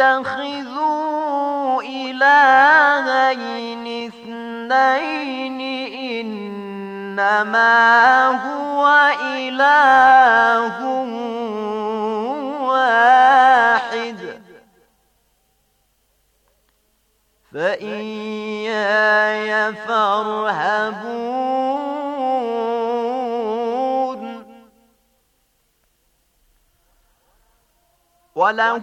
اتخذوا إلهين اثنين إنما هو إله واحد فإياي فارهبون وله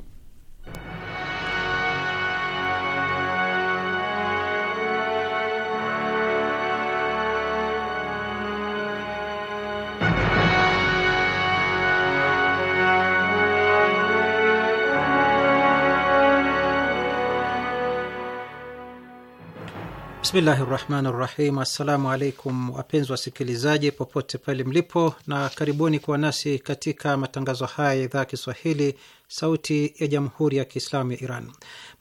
Bismillahi rahmani rahim. Assalamu alaikum wapenzi wasikilizaji popote pale mlipo, na karibuni kuwa nasi katika matangazo haya ya idhaa ya Kiswahili sauti ya jamhuri ya Kiislamu ya Iran.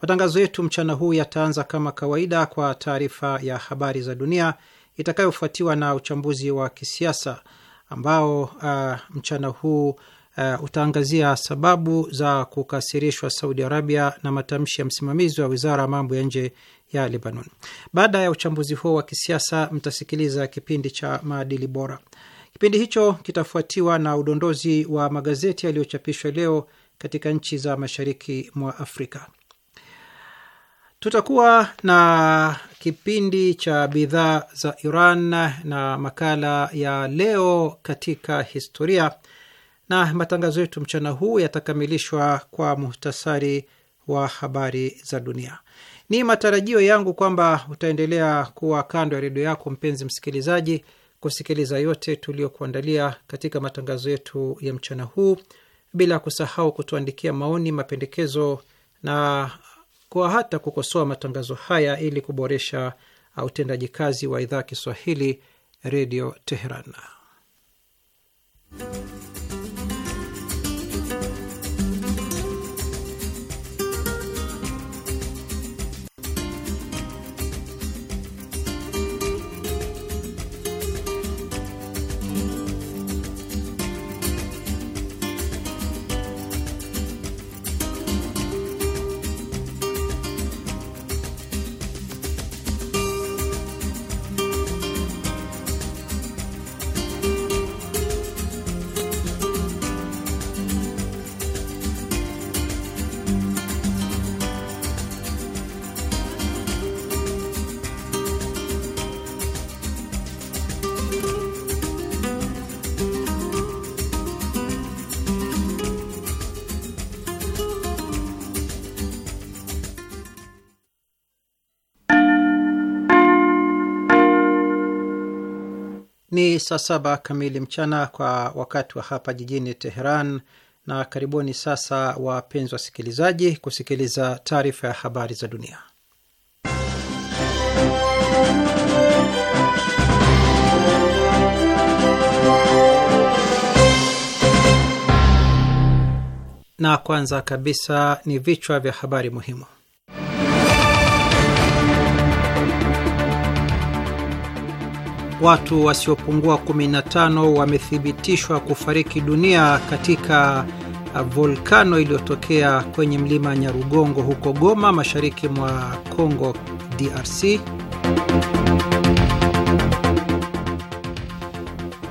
Matangazo yetu mchana huu yataanza kama kawaida kwa taarifa ya habari za dunia itakayofuatiwa na uchambuzi wa kisiasa ambao uh, mchana huu uh, utaangazia sababu za kukasirishwa Saudi Arabia na matamshi ya msimamizi wa wizara ya mambo ya nje ya Lebanon. Baada ya uchambuzi huo wa kisiasa, mtasikiliza kipindi cha maadili bora. Kipindi hicho kitafuatiwa na udondozi wa magazeti yaliyochapishwa leo katika nchi za mashariki mwa Afrika. Tutakuwa na kipindi cha bidhaa za Iran na makala ya leo katika historia, na matangazo yetu mchana huu yatakamilishwa kwa muhtasari wa habari za dunia. Ni matarajio yangu kwamba utaendelea kuwa kando ya redio yako mpenzi msikilizaji, kusikiliza yote tuliyokuandalia katika matangazo yetu ya mchana huu, bila kusahau kutuandikia maoni, mapendekezo na kwa hata kukosoa matangazo haya ili kuboresha uh, utendaji kazi wa idhaa Kiswahili redio Teheran. Ni saa saba kamili mchana kwa wakati wa hapa jijini Teheran, na karibuni sasa wapenzi wasikilizaji, kusikiliza taarifa ya habari za dunia. Na kwanza kabisa ni vichwa vya habari muhimu. watu wasiopungua 15 wamethibitishwa kufariki dunia katika volkano iliyotokea kwenye mlima Nyarugongo huko Goma, mashariki mwa congo DRC.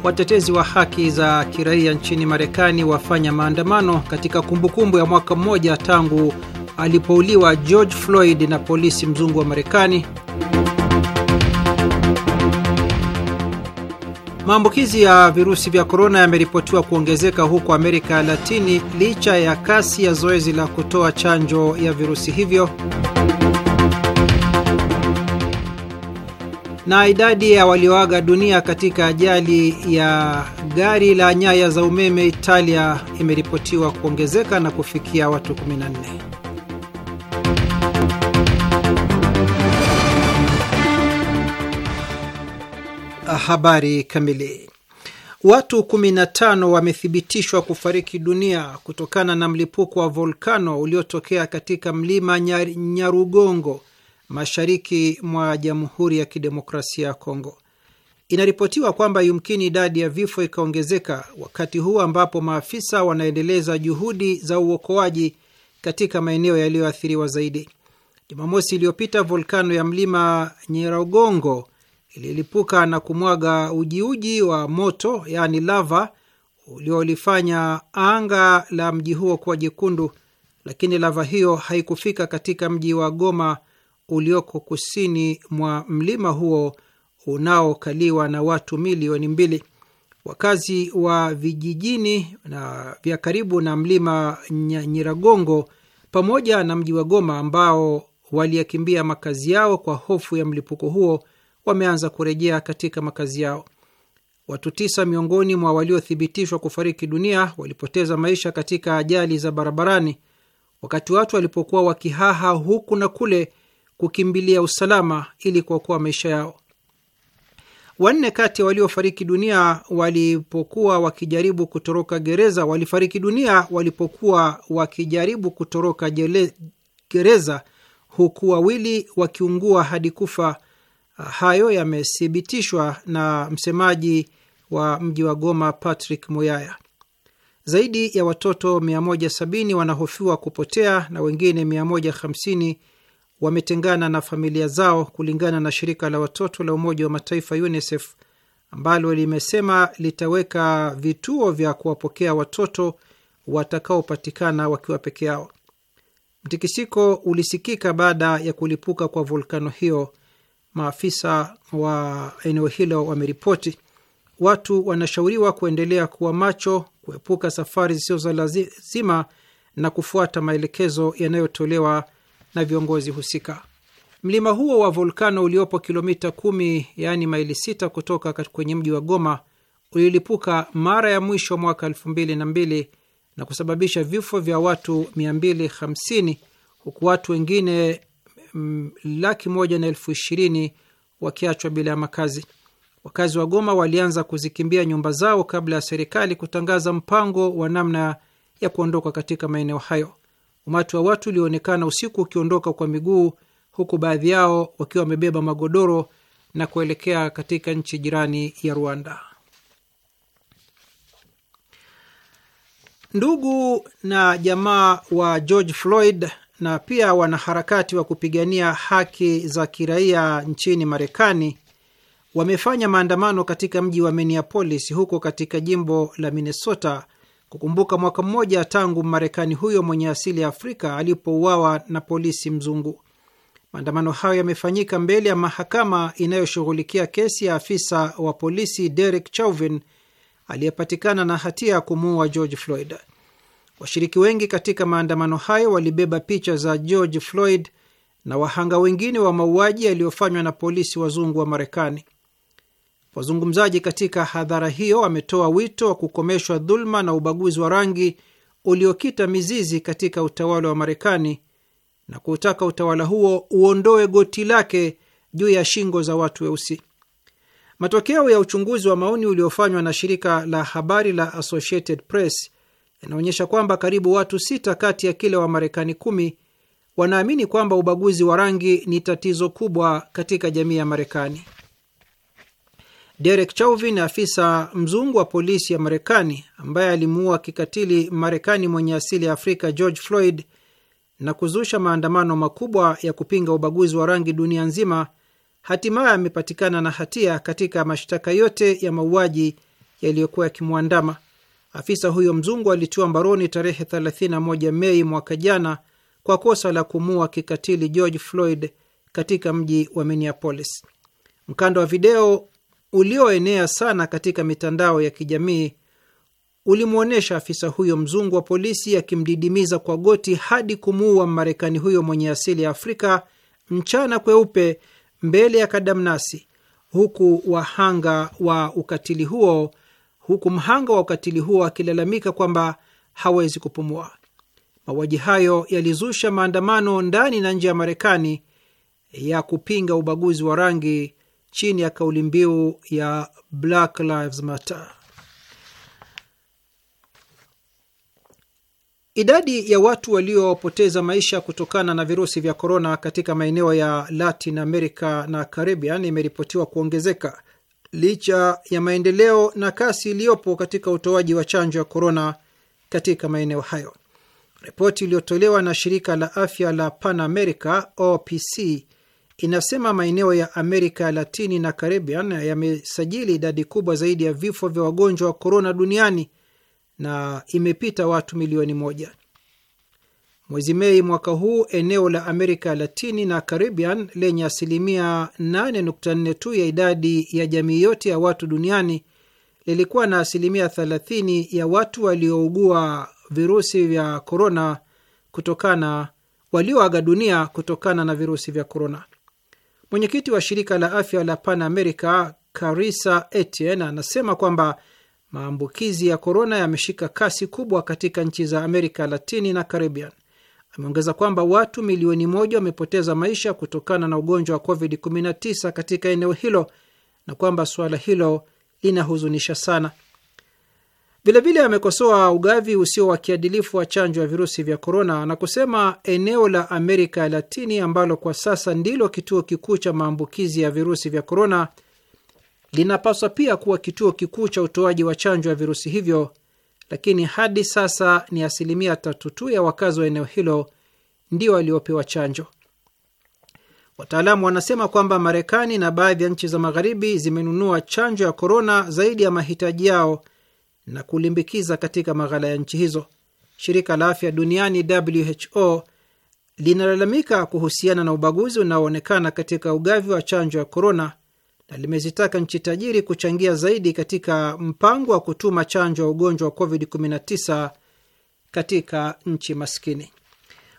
Watetezi wa haki za kiraia nchini Marekani wafanya maandamano katika kumbukumbu ya mwaka mmoja tangu alipouliwa George Floyd na polisi mzungu wa Marekani. Maambukizi ya virusi vya korona yameripotiwa kuongezeka huko Amerika ya Latini licha ya kasi ya zoezi la kutoa chanjo ya virusi hivyo. Na idadi ya walioaga dunia katika ajali ya gari la nyaya za umeme Italia imeripotiwa kuongezeka na kufikia watu 14. Habari kamili. Watu 15 wamethibitishwa kufariki dunia kutokana na mlipuko wa volkano uliotokea katika mlima Nyar, Nyarugongo mashariki mwa Jamhuri ya Kidemokrasia ya Kongo. Inaripotiwa kwamba yumkini idadi ya vifo ikaongezeka wakati huu ambapo maafisa wanaendeleza juhudi za uokoaji katika maeneo yaliyoathiriwa zaidi. Jumamosi iliyopita volkano ya mlima Nyiragongo ililipuka na kumwaga ujiuji wa moto, yaani lava, uliolifanya anga la mji huo kuwa jekundu, lakini lava hiyo haikufika katika mji wa Goma ulioko kusini mwa mlima huo unaokaliwa na watu milioni mbili. Wakazi wa vijijini na vya karibu na mlima Nyiragongo pamoja na mji wa Goma ambao waliyakimbia makazi yao kwa hofu ya mlipuko huo wameanza kurejea katika makazi yao. Watu tisa miongoni mwa waliothibitishwa kufariki dunia walipoteza maisha katika ajali za barabarani wakati watu walipokuwa wakihaha huku na kule kukimbilia usalama ili kuokoa maisha yao. Wanne kati ya waliofariki dunia walipokuwa wakijaribu kutoroka gereza walifariki dunia walipokuwa wakijaribu kutoroka gereza, huku wawili wakiungua hadi kufa Hayo yamethibitishwa na msemaji wa mji wa Goma, Patrick Muyaya. Zaidi ya watoto 170 wanahofiwa kupotea na wengine 150 wametengana na familia zao, kulingana na shirika la watoto la Umoja wa Mataifa UNICEF ambalo limesema litaweka vituo vya kuwapokea watoto watakaopatikana wakiwa peke yao. Mtikisiko ulisikika baada ya kulipuka kwa volkano hiyo maafisa wa eneo hilo wameripoti. Watu wanashauriwa kuendelea kuwa macho, kuepuka safari zisizo za lazima na kufuata maelekezo yanayotolewa na viongozi husika. Mlima huo wa volkano uliopo kilomita kumi, yaani maili sita kutoka kwenye mji wa Goma ulilipuka mara ya mwisho mwaka elfu mbili na mbili na kusababisha vifo vya watu 250 huku watu wengine laki moja na elfu ishirini wakiachwa bila ya makazi. Wakazi wa Goma walianza kuzikimbia nyumba zao kabla ya serikali kutangaza mpango wa namna ya kuondoka katika maeneo hayo. Umati wa watu ulioonekana usiku ukiondoka kwa miguu, huku baadhi yao wakiwa wamebeba magodoro na kuelekea katika nchi jirani ya Rwanda. Ndugu na jamaa wa George Floyd na pia wanaharakati wa kupigania haki za kiraia nchini Marekani wamefanya maandamano katika mji wa Minneapolis huko katika jimbo la Minnesota kukumbuka mwaka mmoja tangu Marekani huyo mwenye asili ya Afrika alipouawa na polisi mzungu. Maandamano hayo yamefanyika mbele ya mahakama inayoshughulikia kesi ya afisa wa polisi Derek Chauvin aliyepatikana na hatia ya kumuua George Floyd. Washiriki wengi katika maandamano hayo walibeba picha za George Floyd na wahanga wengine wa mauaji yaliyofanywa na polisi wazungu wa Marekani. Wazungumzaji katika hadhara hiyo wametoa wito wa kukomeshwa dhuluma na ubaguzi wa rangi uliokita mizizi katika utawala wa Marekani na kuutaka utawala huo uondoe goti lake juu ya shingo za watu weusi. Matokeo ya uchunguzi wa maoni uliofanywa na shirika la habari la Associated Press yanaonyesha kwamba karibu watu sita kati ya kila Wamarekani kumi wanaamini kwamba ubaguzi wa rangi ni tatizo kubwa katika jamii ya Marekani. Derek Chauvin, afisa mzungu wa polisi ya Marekani ambaye alimuua kikatili Marekani mwenye asili ya Afrika George Floyd na kuzusha maandamano makubwa ya kupinga ubaguzi wa rangi dunia nzima, hatimaye amepatikana na hatia katika mashtaka yote ya mauaji yaliyokuwa yakimwandama. Afisa huyo mzungu alitiwa mbaroni tarehe 31 Mei mwaka jana kwa kosa la kumua kikatili George Floyd katika mji wa Minneapolis. Mkanda wa video ulioenea sana katika mitandao ya kijamii ulimwonyesha afisa huyo mzungu wa polisi akimdidimiza kwa goti hadi kumuua Mmarekani huyo mwenye asili ya Afrika mchana kweupe mbele ya kadamnasi, huku wahanga wa ukatili huo huku mhanga wa ukatili huo akilalamika kwamba hawezi kupumua. Mauaji hayo yalizusha maandamano ndani na nje ya Marekani ya kupinga ubaguzi wa rangi chini ya kauli mbiu ya Black Lives Matter. Idadi ya watu waliopoteza maisha kutokana na virusi vya korona katika maeneo ya Latin America na Caribbean imeripotiwa kuongezeka licha ya maendeleo na kasi iliyopo katika utoaji wa chanjo ya korona katika maeneo hayo. Ripoti iliyotolewa na shirika la afya la Pan America OPC inasema maeneo ya Amerika ya Latini na Caribbean yamesajili idadi kubwa zaidi ya vifo vya wagonjwa wa korona duniani na imepita watu milioni moja. Mwezi Mei mwaka huu eneo la Amerika Latini na Caribbean lenye asilimia 8.4 tu ya idadi ya jamii yote ya watu duniani lilikuwa na asilimia 30 ya watu waliougua virusi vya korona kutokana walioaga dunia kutokana na virusi vya korona. Mwenyekiti wa shirika la afya la Pan America carisa Etienne anasema kwamba maambukizi ya korona yameshika kasi kubwa katika nchi za Amerika Latini na Caribbean. Ameongeza kwamba watu milioni moja wamepoteza maisha kutokana na ugonjwa wa COVID-19 katika eneo hilo na kwamba suala hilo linahuzunisha sana. Vilevile amekosoa ugavi usio wa kiadilifu wa chanjo ya virusi vya korona na kusema eneo la Amerika ya Latini ambalo kwa sasa ndilo kituo kikuu cha maambukizi ya virusi vya korona linapaswa pia kuwa kituo kikuu cha utoaji wa chanjo ya virusi hivyo lakini hadi sasa ni asilimia tatu tu ya wakazi wa eneo hilo ndio waliopewa chanjo. Wataalamu wanasema kwamba Marekani na baadhi ya nchi za Magharibi zimenunua chanjo ya korona zaidi ya mahitaji yao na kulimbikiza katika maghala ya nchi hizo. Shirika la Afya Duniani, WHO, linalalamika kuhusiana na ubaguzi unaoonekana katika ugavi wa chanjo ya korona na limezitaka nchi tajiri kuchangia zaidi katika mpango wa kutuma chanjo ya ugonjwa wa COVID-19 katika nchi maskini.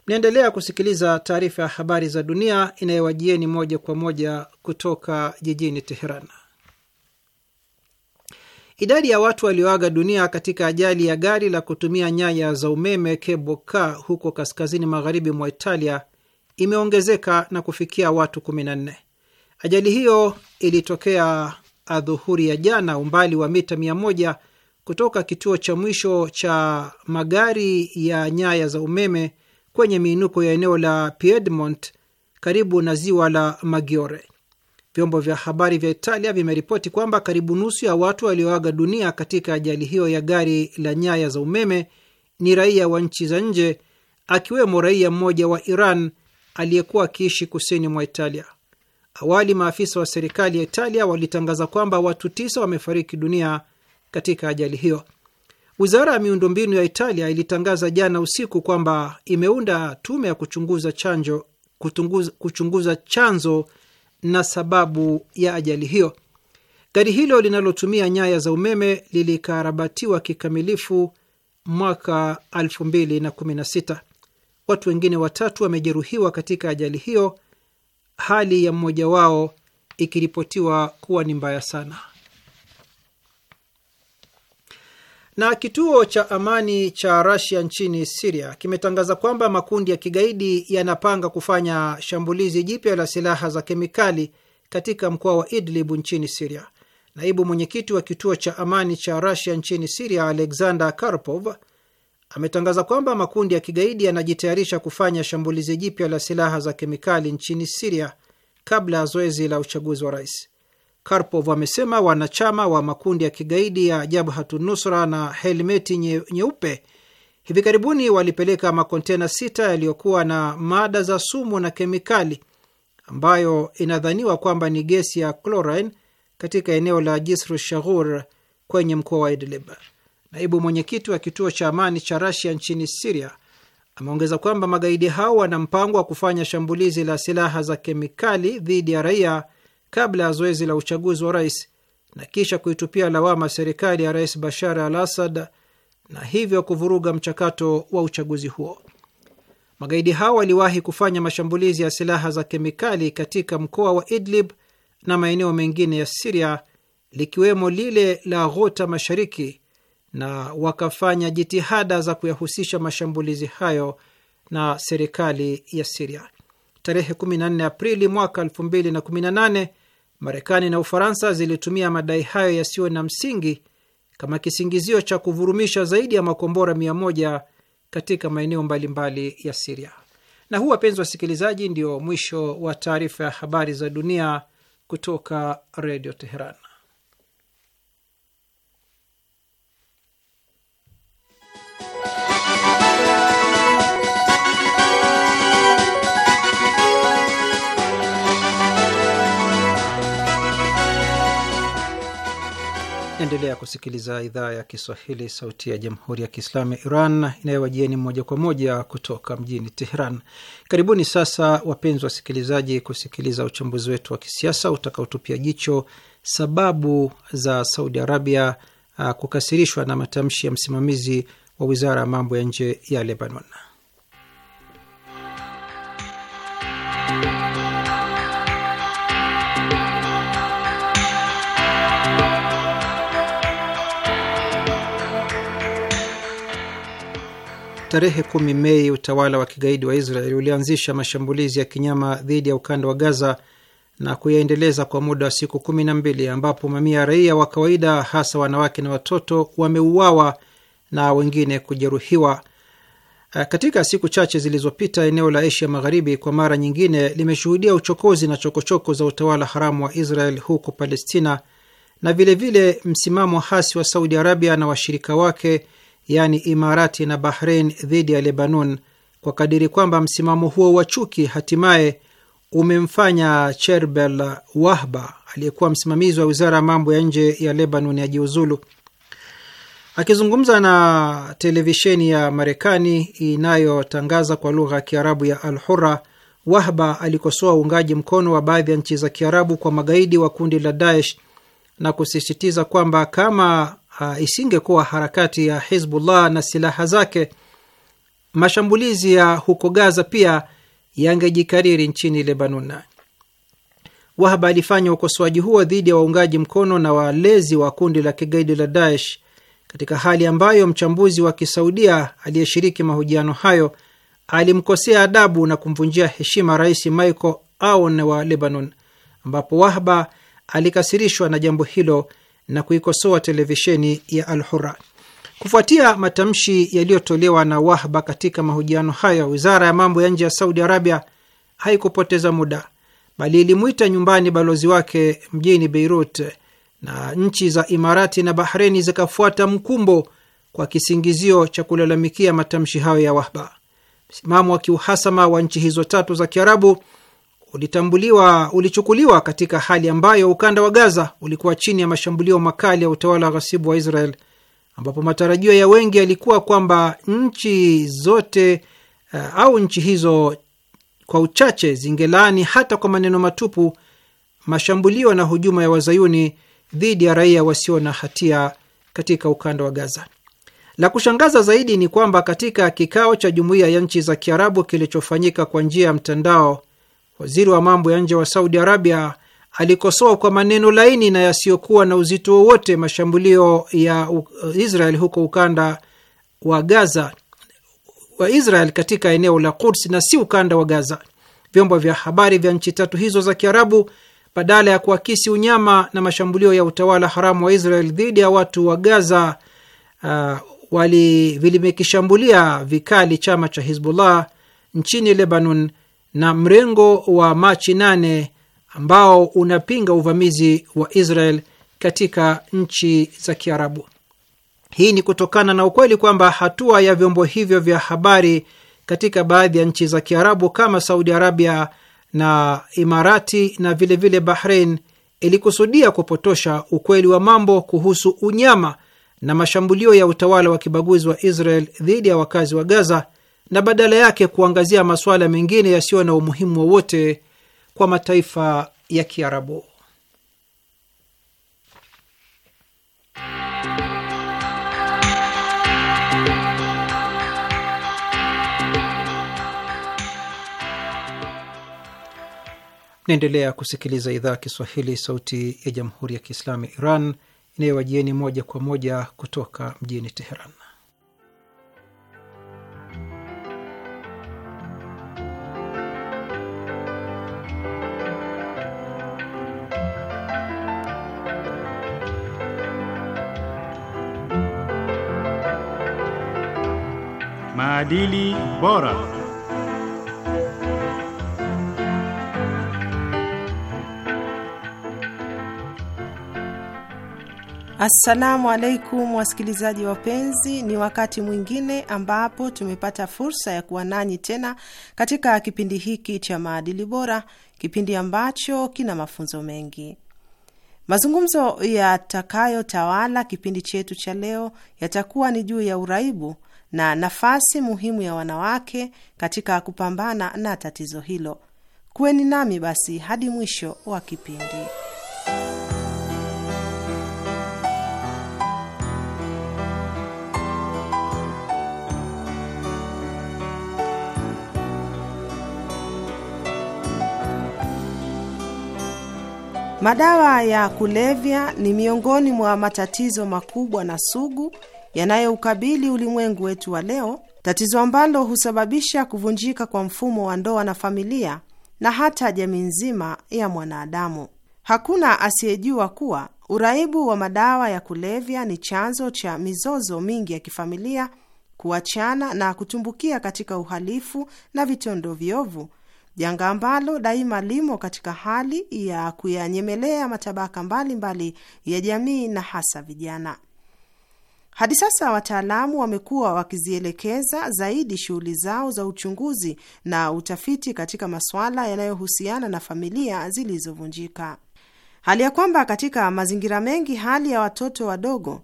Mnaendelea kusikiliza taarifa ya habari za dunia inayowajieni moja kwa moja kutoka jijini Teheran. Idadi ya watu walioaga dunia katika ajali ya gari la kutumia nyaya za umeme kebok huko kaskazini magharibi mwa Italia imeongezeka na kufikia watu 14. Ajali hiyo ilitokea adhuhuri ya jana, umbali wa mita mia moja kutoka kituo cha mwisho cha magari ya nyaya za umeme kwenye miinuko ya eneo la Piedmont karibu na ziwa la Maggiore. Vyombo vya habari vya Italia vimeripoti kwamba karibu nusu ya watu walioaga dunia katika ajali hiyo ya gari la nyaya za umeme ni raia wa nchi za nje, akiwemo raia mmoja wa Iran aliyekuwa akiishi kusini mwa Italia. Awali maafisa wa serikali ya Italia walitangaza kwamba watu tisa wamefariki dunia katika ajali hiyo. Wizara ya miundombinu ya Italia ilitangaza jana usiku kwamba imeunda tume ya kuchunguza chanjo, kuchunguza chanzo na sababu ya ajali hiyo. Gari hilo linalotumia nyaya za umeme lilikarabatiwa kikamilifu mwaka 2016. Watu wengine watatu wamejeruhiwa katika ajali hiyo hali ya mmoja wao ikiripotiwa kuwa ni mbaya sana. Na kituo cha amani cha Rasia nchini Siria kimetangaza kwamba makundi ya kigaidi yanapanga kufanya shambulizi jipya la silaha za kemikali katika mkoa wa Idlib nchini Siria. Naibu mwenyekiti wa kituo cha amani cha Rasia nchini Siria, Alexander Karpov, ametangaza kwamba makundi ya kigaidi yanajitayarisha kufanya shambulizi jipya la silaha za kemikali nchini Siria kabla ya zoezi la uchaguzi wa rais. Karpov amesema wanachama wa makundi ya kigaidi ya jabhatu Nusra na Helmeti Nyeupe hivi karibuni walipeleka makontena sita yaliyokuwa na mada za sumu na kemikali ambayo inadhaniwa kwamba ni gesi ya chlorine katika eneo la Jisru Shaghur kwenye mkoa wa Idlib. Naibu mwenyekiti wa kituo cha amani cha Rasia nchini Siria ameongeza kwamba magaidi hao wana mpango wa kufanya shambulizi la silaha za kemikali dhidi ya raia kabla ya zoezi la uchaguzi wa rais na kisha kuitupia lawama serikali ya Rais Bashar al Assad na hivyo kuvuruga mchakato wa uchaguzi huo. Magaidi hao waliwahi kufanya mashambulizi ya silaha za kemikali katika mkoa wa Idlib na maeneo mengine ya Siria likiwemo lile la Ghouta mashariki na wakafanya jitihada za kuyahusisha mashambulizi hayo na serikali ya Siria. Tarehe 14 Aprili mwaka 2018 Marekani na Ufaransa zilitumia madai hayo yasiyo na msingi kama kisingizio cha kuvurumisha zaidi ya makombora 100 katika maeneo mbalimbali ya Siria. Na huu, wapenzi wasikilizaji, ndio mwisho wa taarifa ya habari za dunia kutoka Redio Teheran. Naendelea kusikiliza idhaa ya Kiswahili, sauti ya jamhuri ya kiislamu ya Iran inayowajieni moja kwa moja kutoka mjini Teheran. Karibuni sasa, wapenzi wasikilizaji, kusikiliza uchambuzi wetu wa kisiasa utakaotupia jicho sababu za Saudi Arabia ah, kukasirishwa na matamshi ya msimamizi wa wizara ya mambo ya nje ya Lebanon. Tarehe kumi Mei, utawala wa kigaidi wa israel ulianzisha mashambulizi ya kinyama dhidi ya ukanda wa Gaza na kuyaendeleza kwa muda wa siku kumi na mbili ambapo mamia ya raia wa kawaida hasa wanawake na watoto wameuawa na wengine kujeruhiwa. Eh, katika siku chache zilizopita, eneo la Asia Magharibi kwa mara nyingine limeshuhudia uchokozi na chokochoko choko za utawala haramu wa Israel huko Palestina, na vilevile vile msimamo hasi wa Saudi Arabia na washirika wake yaani Imarati na Bahrein dhidi ya Lebanon kwa kadiri kwamba msimamo huo wa chuki hatimaye umemfanya Cherbel Wahba aliyekuwa msimamizi wa wizara ya mambo ya nje ya Lebanon ajiuzulu. Akizungumza na televisheni ya Marekani inayotangaza kwa lugha ya Kiarabu ya Al Hura, Wahba alikosoa uungaji mkono wa baadhi ya nchi za Kiarabu kwa magaidi wa kundi la Daesh na kusisitiza kwamba kama ha, ah, isingekuwa harakati ya Hizbullah na silaha zake, mashambulizi ya huko Gaza pia yangejikariri nchini Lebanon. Wahaba alifanya ukosoaji huo dhidi ya waungaji mkono na walezi wa kundi la kigaidi la Daesh katika hali ambayo mchambuzi wa Kisaudia aliyeshiriki mahojiano hayo alimkosea adabu na kumvunjia heshima Rais Michael Aoun wa Lebanon, ambapo Wahba alikasirishwa na jambo hilo na kuikosoa televisheni ya Al Hurra kufuatia matamshi yaliyotolewa na Wahba katika mahojiano hayo. Wizara ya mambo ya nje ya Saudi Arabia haikupoteza muda, bali ilimwita nyumbani balozi wake mjini Beirut, na nchi za Imarati na Bahreni zikafuata mkumbo kwa kisingizio cha kulalamikia matamshi hayo ya Wahba. Msimamo wa kiuhasama wa nchi hizo tatu za Kiarabu ulitambuliwa ulichukuliwa katika hali ambayo ukanda wa Gaza ulikuwa chini ya mashambulio makali ya utawala wa ghasibu wa Israel, ambapo matarajio ya wengi yalikuwa kwamba nchi zote uh, au nchi hizo kwa uchache zingelaani hata kwa maneno matupu mashambulio na hujuma ya wazayuni dhidi ya raia wasio na hatia katika ukanda wa Gaza. La kushangaza zaidi ni kwamba katika kikao cha jumuiya ya nchi za Kiarabu kilichofanyika kwa njia ya mtandao Waziri wa mambo ya nje wa Saudi Arabia alikosoa kwa maneno laini na yasiyokuwa na uzito wowote mashambulio ya uh, Israel huko ukanda wa Gaza wa Israel katika eneo la Quds na si ukanda wa Gaza. Vyombo vya habari vya nchi tatu hizo za Kiarabu, badala ya kuakisi unyama na mashambulio ya utawala haramu wa Israel dhidi ya watu wa Gaza, uh, wali vilimekishambulia vikali chama cha Hizbullah nchini Lebanon na mrengo wa Machi nane ambao unapinga uvamizi wa Israel katika nchi za Kiarabu. Hii ni kutokana na ukweli kwamba hatua ya vyombo hivyo vya habari katika baadhi ya nchi za Kiarabu kama Saudi Arabia na Imarati na vilevile Bahrain ilikusudia kupotosha ukweli wa mambo kuhusu unyama na mashambulio ya utawala wa kibaguzi wa Israel dhidi ya wakazi wa Gaza na badala yake kuangazia masuala mengine yasiyo na umuhimu wowote kwa mataifa ya Kiarabu. Naendelea kusikiliza idhaa Kiswahili, sauti ya jamhuri ya kiislamu ya Iran inayowajieni moja kwa moja kutoka mjini Teheran. Maadili bora. Assalamu alaikum wasikilizaji wapenzi, ni wakati mwingine ambapo tumepata fursa ya kuwa nanyi tena katika kipindi hiki cha maadili bora, kipindi ambacho kina mafunzo mengi. Mazungumzo yatakayotawala kipindi chetu cha leo yatakuwa ni juu ya uraibu na nafasi muhimu ya wanawake katika kupambana na tatizo hilo. Kuweni nami basi hadi mwisho wa kipindi. Madawa ya kulevya ni miongoni mwa matatizo makubwa na sugu yanayoukabili ulimwengu wetu wa leo, tatizo ambalo husababisha kuvunjika kwa mfumo wa ndoa na familia na hata jamii nzima ya mwanadamu. Hakuna asiyejua kuwa uraibu wa madawa ya kulevya ni chanzo cha mizozo mingi ya kifamilia, kuachana na kutumbukia katika uhalifu na vitendo viovu, janga ambalo daima limo katika hali ya kuyanyemelea matabaka mbalimbali mbali ya jamii na hasa vijana. Hadi sasa wataalamu wamekuwa wakizielekeza zaidi shughuli zao za uchunguzi na utafiti katika masuala yanayohusiana na familia zilizovunjika, hali ya kwamba katika mazingira mengi hali ya watoto wadogo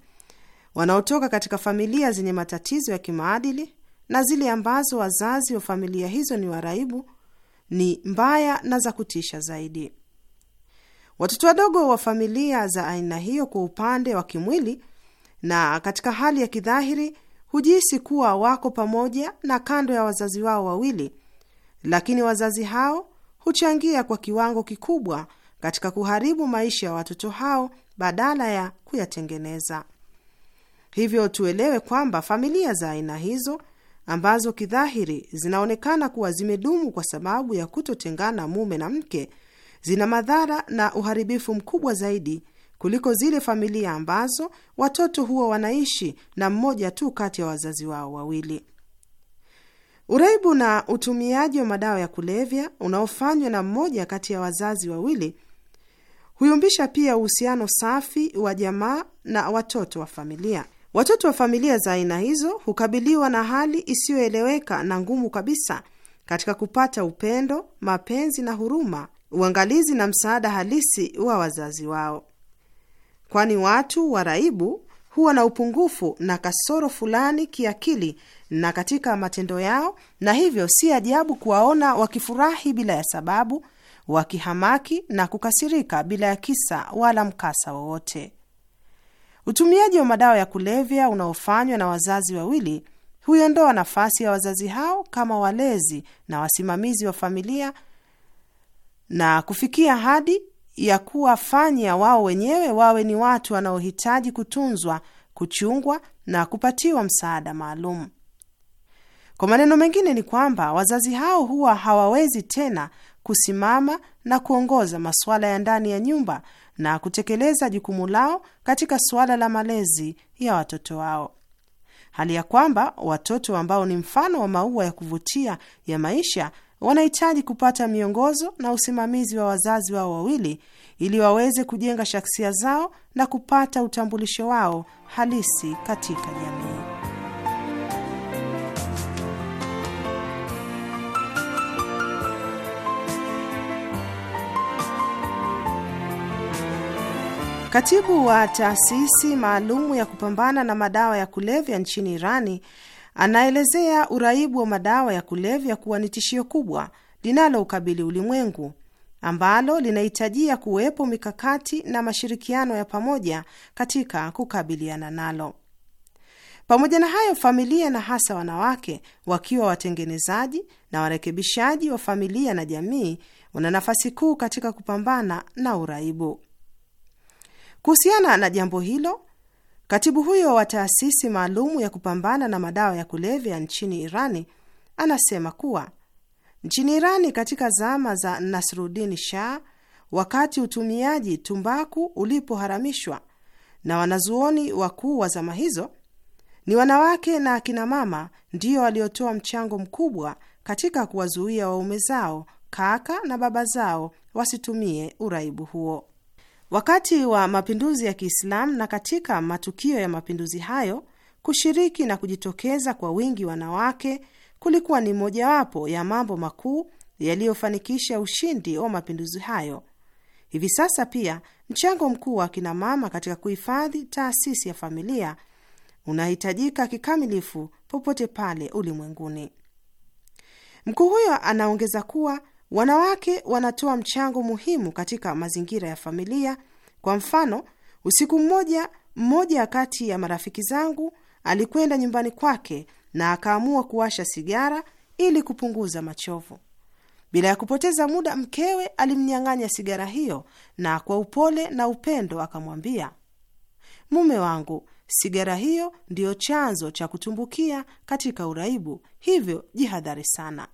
wanaotoka katika familia zenye matatizo ya kimaadili na zile ambazo wazazi wa familia hizo ni waraibu ni mbaya na za kutisha zaidi. Watoto wadogo wa familia za aina hiyo, kwa upande wa kimwili na katika hali ya kidhahiri hujihisi kuwa wako pamoja na kando ya wazazi wao wawili, lakini wazazi hao huchangia kwa kiwango kikubwa katika kuharibu maisha ya watoto hao badala ya kuyatengeneza. Hivyo tuelewe kwamba familia za aina hizo ambazo kidhahiri zinaonekana kuwa zimedumu kwa sababu ya kutotengana mume na mke, zina madhara na uharibifu mkubwa zaidi kuliko zile familia ambazo watoto huwa wanaishi na mmoja tu kati ya wazazi wao wawili. Uraibu na utumiaji wa madawa ya kulevya unaofanywa na mmoja kati ya wazazi wawili huyumbisha pia uhusiano safi wa jamaa na watoto wa familia. Watoto wa familia za aina hizo hukabiliwa na hali isiyoeleweka na ngumu kabisa katika kupata upendo, mapenzi na huruma, uangalizi na msaada halisi wa wazazi wao kwani watu waraibu huwa na upungufu na kasoro fulani kiakili na katika matendo yao, na hivyo si ajabu kuwaona wakifurahi bila ya sababu, wakihamaki na kukasirika bila ya kisa wala mkasa wowote. Utumiaji wa madawa ya kulevya unaofanywa na wazazi wawili huiondoa nafasi ya wazazi hao kama walezi na wasimamizi wa familia na kufikia hadi ya kuwafanya wao wenyewe wawe ni watu wanaohitaji kutunzwa, kuchungwa na kupatiwa msaada maalum. Kwa maneno mengine, ni kwamba wazazi hao huwa hawawezi tena kusimama na kuongoza masuala ya ndani ya nyumba na kutekeleza jukumu lao katika suala la malezi ya watoto wao, hali ya kwamba watoto ambao ni mfano wa maua ya kuvutia ya maisha Wanahitaji kupata miongozo na usimamizi wa wazazi wao wawili ili waweze kujenga shaksia zao na kupata utambulisho wao halisi katika jamii. Katibu wa taasisi maalumu ya kupambana na madawa ya kulevya nchini Irani Anaelezea uraibu wa madawa ya kulevya kuwa ni tishio kubwa linaloukabili ulimwengu ambalo linahitajia kuwepo mikakati na mashirikiano ya pamoja katika kukabiliana nalo. Pamoja na hayo, familia na hasa wanawake, wakiwa watengenezaji na warekebishaji wa familia na jamii, wana nafasi kuu katika kupambana na uraibu. Kuhusiana na jambo hilo, Katibu huyo wa taasisi maalum ya kupambana na madawa ya kulevya nchini Irani anasema kuwa nchini Irani katika zama za Nasrudin Shah, wakati utumiaji tumbaku ulipoharamishwa na wanazuoni wakuu wa zama hizo, ni wanawake na akinamama ndio waliotoa mchango mkubwa katika kuwazuia waume zao, kaka na baba zao wasitumie uraibu huo wakati wa mapinduzi ya Kiislamu na katika matukio ya mapinduzi hayo kushiriki na kujitokeza kwa wingi wanawake kulikuwa ni mojawapo ya mambo makuu yaliyofanikisha ushindi wa mapinduzi hayo. Hivi sasa pia mchango mkuu wa kinamama katika kuhifadhi taasisi ya familia unahitajika kikamilifu popote pale ulimwenguni. Mkuu huyo anaongeza kuwa Wanawake wanatoa mchango muhimu katika mazingira ya familia. Kwa mfano, usiku mmoja, mmoja kati ya marafiki zangu alikwenda nyumbani kwake na akaamua kuwasha sigara ili kupunguza machovu. Bila ya kupoteza muda, mkewe alimnyang'anya sigara hiyo na kwa upole na upendo akamwambia, mume wangu, sigara hiyo ndiyo chanzo cha kutumbukia katika uraibu, hivyo jihadhari sana.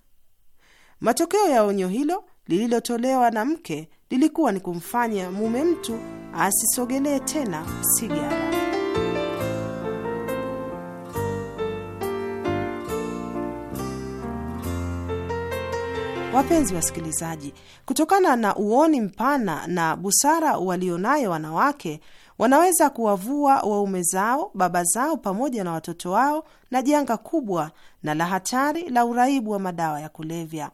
Matokeo ya onyo hilo lililotolewa na mke lilikuwa ni kumfanya mume mtu asisogelee tena sigara. Wapenzi wasikilizaji, kutokana na uoni mpana na busara walionayo wanawake, wanaweza kuwavua waume zao, baba zao, pamoja na watoto wao na janga kubwa na la hatari la uraibu wa madawa ya kulevya.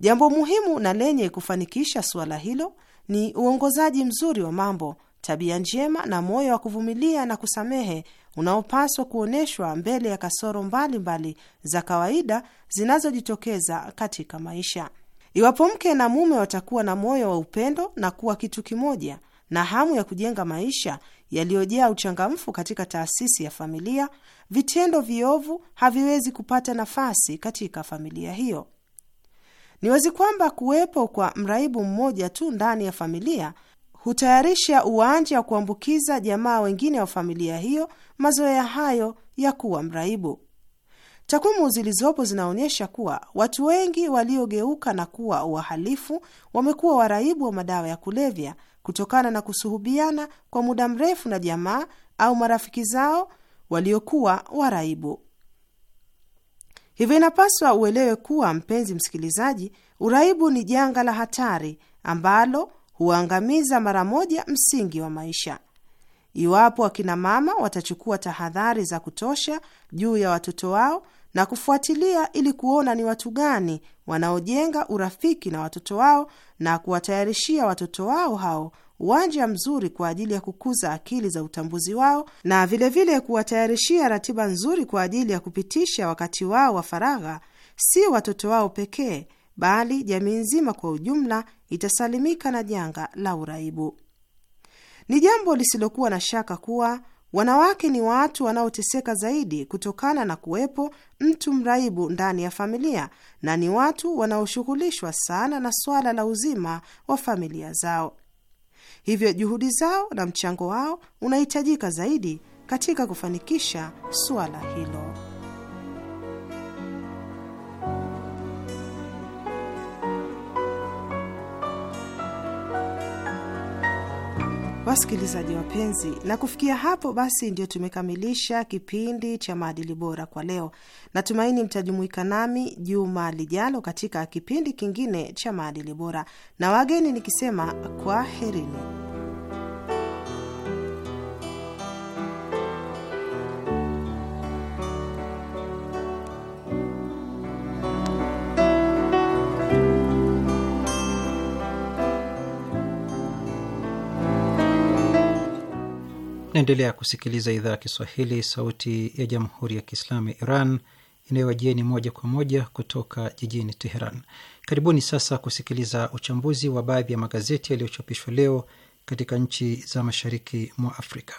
Jambo muhimu na lenye kufanikisha suala hilo ni uongozaji mzuri wa mambo, tabia njema na moyo wa kuvumilia na kusamehe unaopaswa kuonyeshwa mbele ya kasoro mbalimbali mbali za kawaida zinazojitokeza katika maisha. Iwapo mke na mume watakuwa na moyo wa upendo na kuwa kitu kimoja na hamu ya kujenga maisha yaliyojaa uchangamfu katika taasisi ya familia, vitendo viovu haviwezi kupata nafasi katika familia hiyo. Ni wazi kwamba kuwepo kwa mraibu mmoja tu ndani ya familia hutayarisha uwanja wa kuambukiza jamaa wengine wa familia hiyo mazoea hayo ya kuwa mraibu. Takwimu zilizopo zinaonyesha kuwa watu wengi waliogeuka na kuwa wahalifu wamekuwa waraibu wa madawa ya kulevya kutokana na kusuhubiana kwa muda mrefu na jamaa au marafiki zao waliokuwa waraibu. Hivyo inapaswa uelewe kuwa, mpenzi msikilizaji, uraibu ni janga la hatari ambalo huangamiza mara moja msingi wa maisha. Iwapo akina mama watachukua tahadhari za kutosha juu ya watoto wao na kufuatilia ili kuona ni watu gani wanaojenga urafiki na watoto wao na kuwatayarishia watoto wao hao uwanja mzuri kwa ajili ya kukuza akili za utambuzi wao na vilevile kuwatayarishia ratiba nzuri kwa ajili ya kupitisha wakati wao wa faragha. Si watoto wao pekee, bali jamii nzima kwa ujumla itasalimika na janga la uraibu. Ni jambo lisilokuwa na shaka kuwa wanawake ni watu wanaoteseka zaidi kutokana na kuwepo mtu mraibu ndani ya familia na ni watu wanaoshughulishwa sana na swala la uzima wa familia zao. Hivyo juhudi zao na mchango wao unahitajika zaidi katika kufanikisha suala hilo. Wasikilizaji wapenzi, na kufikia hapo basi ndio tumekamilisha kipindi cha maadili bora kwa leo. Natumaini mtajumuika nami juma lijalo katika kipindi kingine cha maadili bora, na wageni nikisema kwaherini. Naendelea kusikiliza idhaa ya Kiswahili, sauti ya jamhuri ya kiislamu ya Iran inayowajieni moja kwa moja kutoka jijini Teheran. Karibuni sasa kusikiliza uchambuzi wa baadhi ya magazeti yaliyochapishwa leo katika nchi za mashariki mwa Afrika.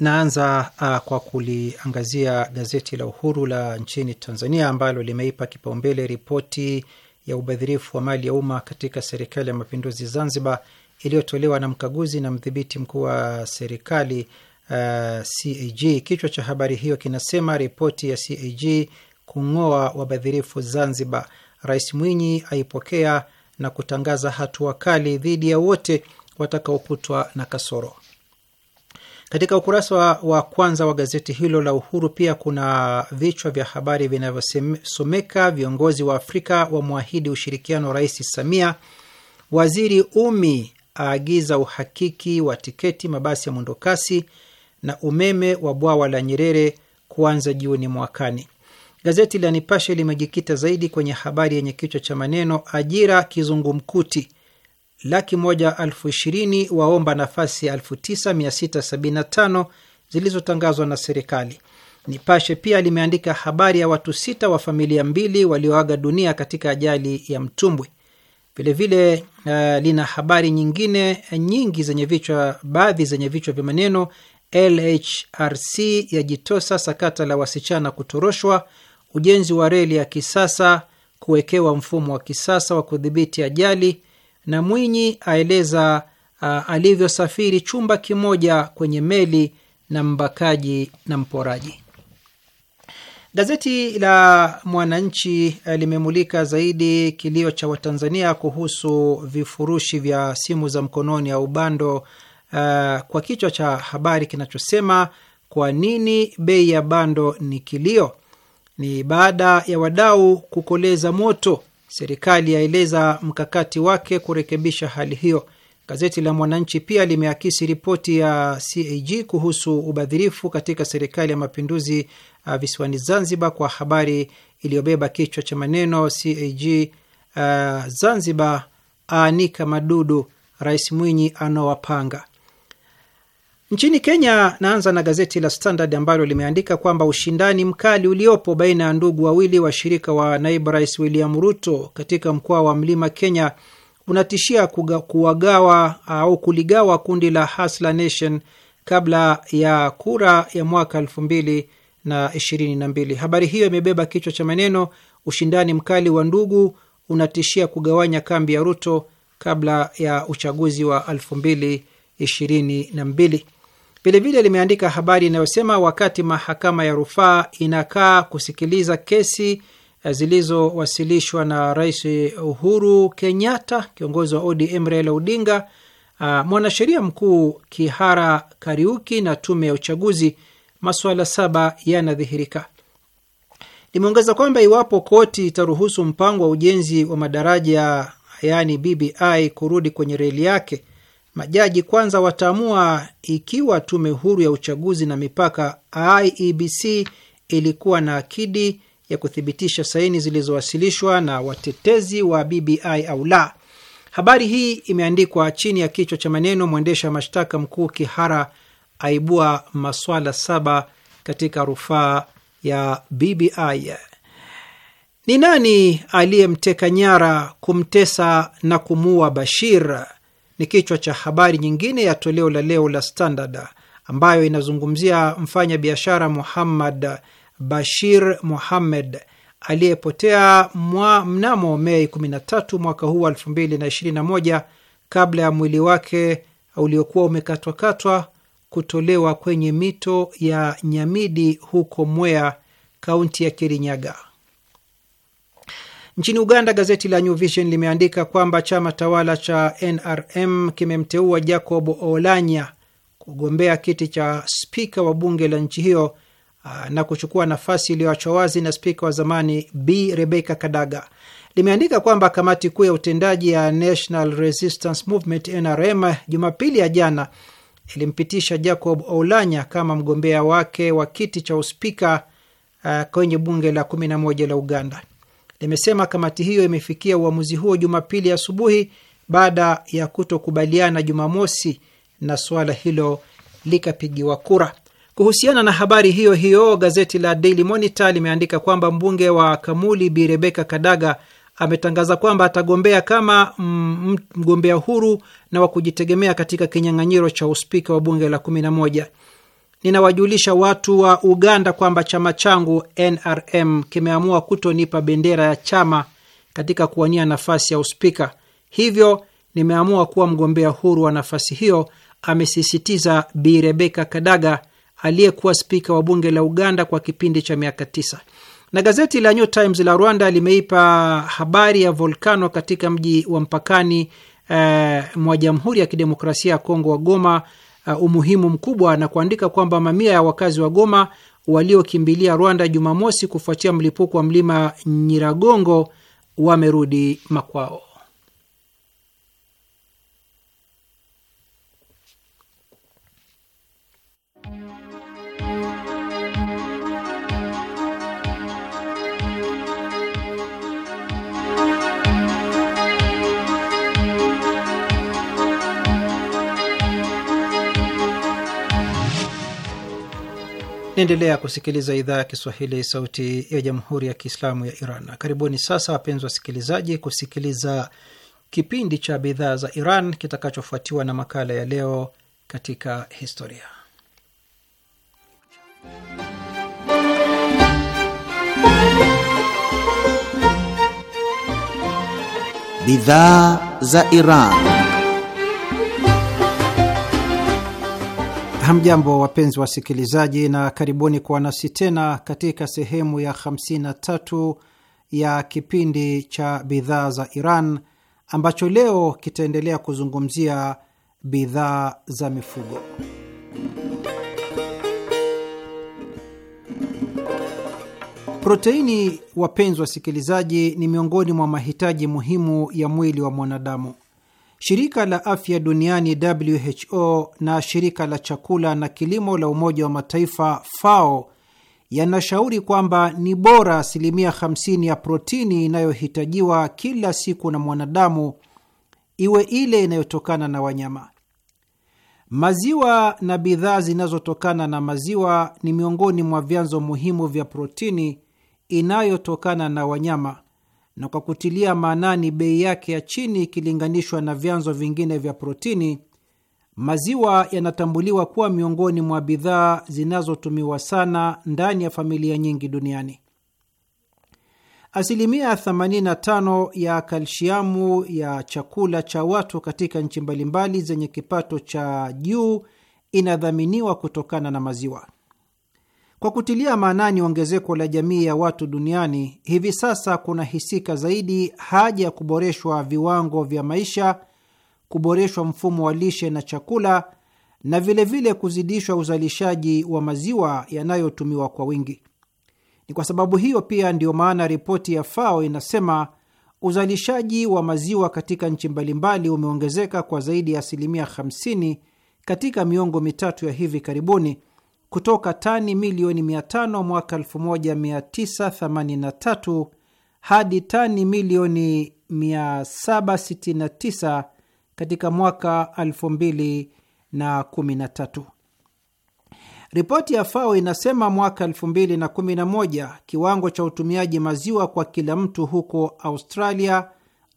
Naanza uh, kwa kuliangazia gazeti la Uhuru la nchini Tanzania ambalo limeipa kipaumbele ripoti ya ubadhirifu wa mali ya umma katika serikali ya mapinduzi Zanzibar iliyotolewa na mkaguzi na mdhibiti mkuu wa serikali uh, CAG. Kichwa cha habari hiyo kinasema ripoti ya CAG kung'oa wabadhirifu Zanzibar, Rais Mwinyi aipokea na kutangaza hatua kali dhidi ya wote watakaokutwa na kasoro. Katika ukurasa wa kwanza wa gazeti hilo la Uhuru pia kuna vichwa vya habari vinavyosomeka: viongozi wa Afrika wamwahidi ushirikiano Rais Samia, waziri Umi aagiza uhakiki wa tiketi mabasi ya mwendokasi, na umeme wa bwawa la Nyerere kuanza Juni mwakani. Gazeti la Nipashe limejikita zaidi kwenye habari yenye kichwa cha maneno ajira kizungumkuti, laki moja elfu ishirini waomba nafasi elfu tisa mia sita sabini na tano zilizotangazwa na serikali. Nipashe pia limeandika habari ya watu sita wa familia mbili walioaga dunia katika ajali ya mtumbwi. Vilevile uh, eh, lina habari nyingine eh, nyingi zenye vichwa, baadhi zenye vichwa vya maneno LHRC yajitosa sakata la wasichana kutoroshwa, ujenzi wa reli ya kisasa kuwekewa mfumo wa kisasa wa kudhibiti ajali na Mwinyi aeleza uh, alivyosafiri chumba kimoja kwenye meli na mbakaji na mporaji. Gazeti la Mwananchi uh, limemulika zaidi kilio cha Watanzania kuhusu vifurushi vya simu za mkononi au bando uh, kwa kichwa cha habari kinachosema kwa nini bei ya bando ni kilio. Ni baada ya wadau kukoleza moto Serikali yaeleza mkakati wake kurekebisha hali hiyo. Gazeti la Mwananchi pia limeakisi ripoti ya CAG kuhusu ubadhirifu katika serikali ya mapinduzi uh, visiwani Zanzibar kwa habari iliyobeba kichwa cha maneno CAG uh, Zanzibar aanika madudu, Rais Mwinyi anawapanga. Nchini Kenya, naanza na gazeti la Standard ambalo limeandika kwamba ushindani mkali uliopo baina ya ndugu wawili washirika wa naibu rais William Ruto katika mkoa wa Mlima Kenya unatishia kuwagawa uh, au kuligawa kundi la Hasla Nation kabla ya kura ya mwaka elfu mbili na ishirini na mbili. Habari hiyo imebeba kichwa cha maneno ushindani mkali wa ndugu unatishia kugawanya kambi ya Ruto kabla ya uchaguzi wa elfu mbili ishirini na mbili. Vilevile limeandika habari inayosema wakati mahakama ya rufaa inakaa kusikiliza kesi eh, zilizowasilishwa na Rais Uhuru Kenyatta, kiongozi wa ODM Raila Odinga, ah, mwanasheria mkuu Kihara Kariuki na tume ya uchaguzi, masuala saba yanadhihirika. Limeongeza kwamba iwapo koti itaruhusu mpango wa ujenzi wa madaraja yaani BBI kurudi kwenye reli yake Majaji kwanza wataamua ikiwa tume huru ya uchaguzi na mipaka IEBC ilikuwa na akidi ya kuthibitisha saini zilizowasilishwa na watetezi wa BBI au la. Habari hii imeandikwa chini ya kichwa cha maneno, mwendesha mashtaka mkuu Kihara aibua maswala saba katika rufaa ya BBI. Ni nani aliyemteka nyara, kumtesa na kumuua Bashir? ni kichwa cha habari nyingine ya toleo la leo la Standard ambayo inazungumzia mfanya biashara Muhammad Bashir Muhammed aliyepotea mnamo Mei 13 mwaka huu 2021 kabla ya mwili wake uliokuwa umekatwakatwa kutolewa kwenye mito ya Nyamidi huko Mwea, kaunti ya Kirinyaga. Nchini Uganda, gazeti la New Vision limeandika kwamba chama tawala cha NRM kimemteua Jacob Olanya kugombea kiti cha spika wa bunge la nchi hiyo ah, na kuchukua nafasi iliyoachwa wazi na spika wa zamani B Rebecca Kadaga. Limeandika kwamba kamati kuu ya utendaji ya National Resistance Movement NRM Jumapili ya jana ilimpitisha Jacob Oulanya kama mgombea wake wa kiti cha uspika uh, kwenye bunge la 11 la Uganda limesema kamati hiyo imefikia uamuzi huo Jumapili asubuhi baada ya kutokubaliana Jumamosi na suala hilo likapigiwa kura. Kuhusiana na habari hiyo hiyo, gazeti la Daily Monitor limeandika kwamba mbunge wa Kamuli Bi rebeka Kadaga ametangaza kwamba atagombea kama mm, mgombea huru na wa kujitegemea katika kinyang'anyiro cha uspika wa bunge la 11 ninawajulisha watu wa Uganda kwamba chama changu NRM kimeamua kutonipa bendera ya chama katika kuwania nafasi ya uspika, hivyo nimeamua kuwa mgombea huru wa nafasi hiyo, amesisitiza Bi Rebeka Kadaga aliyekuwa spika wa bunge la Uganda kwa kipindi cha miaka tisa. Na gazeti la New Times la Rwanda limeipa habari ya volkano katika mji wa mpakani eh, mwa Jamhuri ya Kidemokrasia ya Kongo wa Goma uh, umuhimu mkubwa na kuandika kwamba mamia ya wakazi wa Goma waliokimbilia Rwanda Jumamosi kufuatia mlipuko wa mlima Nyiragongo wamerudi makwao. Naendelea kusikiliza idhaa ya Kiswahili, sauti ya jamhuri ya kiislamu ya Iran. Karibuni sasa, wapenzi wasikilizaji, kusikiliza kipindi cha bidhaa za Iran kitakachofuatiwa na makala ya leo katika historia. Bidhaa za Iran. Hamjambo, wapenzi wasikilizaji, na karibuni kwa nasi tena katika sehemu ya 53 ya kipindi cha bidhaa za Iran ambacho leo kitaendelea kuzungumzia bidhaa za mifugo. Proteini, wapenzi wasikilizaji, ni miongoni mwa mahitaji muhimu ya mwili wa mwanadamu. Shirika la Afya Duniani WHO na Shirika la Chakula na Kilimo la Umoja wa Mataifa FAO yanashauri kwamba ni bora asilimia 50 ya protini inayohitajiwa kila siku na mwanadamu iwe ile inayotokana na wanyama. Maziwa na bidhaa zinazotokana na maziwa ni miongoni mwa vyanzo muhimu vya protini inayotokana na wanyama na kwa kutilia maanani bei yake ya chini ikilinganishwa na vyanzo vingine vya protini, maziwa yanatambuliwa kuwa miongoni mwa bidhaa zinazotumiwa sana ndani ya familia nyingi duniani. Asilimia 85 ya kalsiamu ya chakula cha watu katika nchi mbalimbali zenye kipato cha juu inadhaminiwa kutokana na maziwa. Kwa kutilia maanani ongezeko la jamii ya watu duniani, hivi sasa kunahisika zaidi haja ya kuboreshwa viwango vya maisha, kuboreshwa mfumo wa lishe na chakula, na vilevile vile kuzidishwa uzalishaji wa maziwa yanayotumiwa kwa wingi. Ni kwa sababu hiyo pia ndiyo maana ripoti ya FAO inasema uzalishaji wa maziwa katika nchi mbalimbali umeongezeka kwa zaidi ya asilimia 50 katika miongo mitatu ya hivi karibuni kutoka tani milioni 500 mwaka 1983 hadi tani milioni 769 katika mwaka 2013. Ripoti ya FAO inasema mwaka 2011 kiwango cha utumiaji maziwa kwa kila mtu huko Australia,